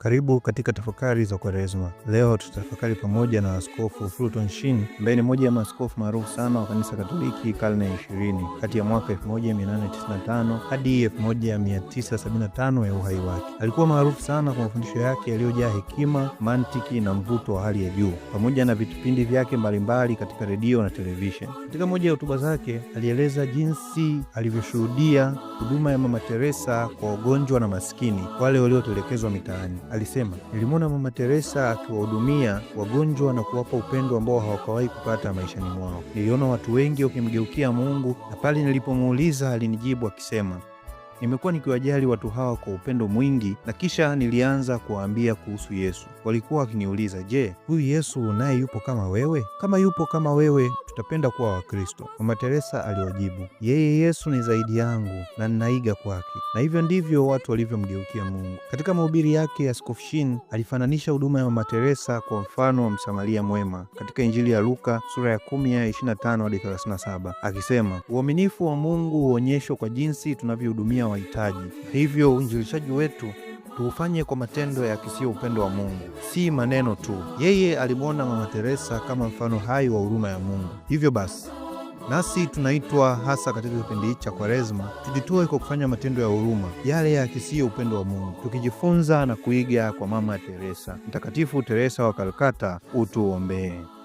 Karibu katika tafakari za Kwaresma. Leo tutafakari pamoja na Askofu Fulton Sheen ambaye ni mmoja ya maaskofu maarufu sana wa kanisa Katoliki karne ya 20 kati ya mwaka 1895 hadi 1975 ya uhai wake. Alikuwa maarufu sana kwa mafundisho yake yaliyojaa hekima, mantiki na mvuto wa hali ya juu, pamoja na vipindi vyake mbalimbali katika redio na televisheni. Katika moja ya hotuba zake alieleza jinsi alivyoshuhudia huduma ya Mama Teresa kwa wagonjwa na maskini, wale waliotelekezwa mitaani alisema, nilimwona Mama Teresa akiwahudumia wagonjwa na kuwapa upendo ambao hawakawahi kupata maishani mwao. Niliona watu wengi wakimgeukia Mungu, na pale nilipomuuliza alinijibu akisema Nimekuwa nikiwajali watu hawa kwa upendo mwingi, na kisha nilianza kuwaambia kuhusu Yesu. Walikuwa wakiniuliza, je, huyu Yesu naye yupo kama wewe? Kama yupo kama wewe, tutapenda kuwa Wakristo. Mama Teresa aliwajibu, yeye Yesu ni zaidi yangu na ninaiga kwake. Na hivyo ndivyo watu walivyomgeukia Mungu. Katika mahubiri yake, Askofu Shin alifananisha huduma ya Mama Teresa kwa mfano wa Msamaria mwema katika Injili ya Luka sura ya 10 ya 25 hadi 37, akisema uaminifu wa Mungu huonyeshwa kwa jinsi tunavyohudumia wahitaji. Hivyo uinjilishaji wetu tuufanye kwa matendo ya kisio upendo wa Mungu, si maneno tu. Yeye alimwona Mama Teresa kama mfano hai wa huruma ya Mungu. Hivyo basi nasi tunaitwa hasa katika kipindi hiki cha Kwaresma tujitoe kwa kufanya matendo ya huruma yale kisio upendo wa Mungu, tukijifunza na kuiga kwa Mama Teresa. Mtakatifu Teresa wa Kalkata, utuombee.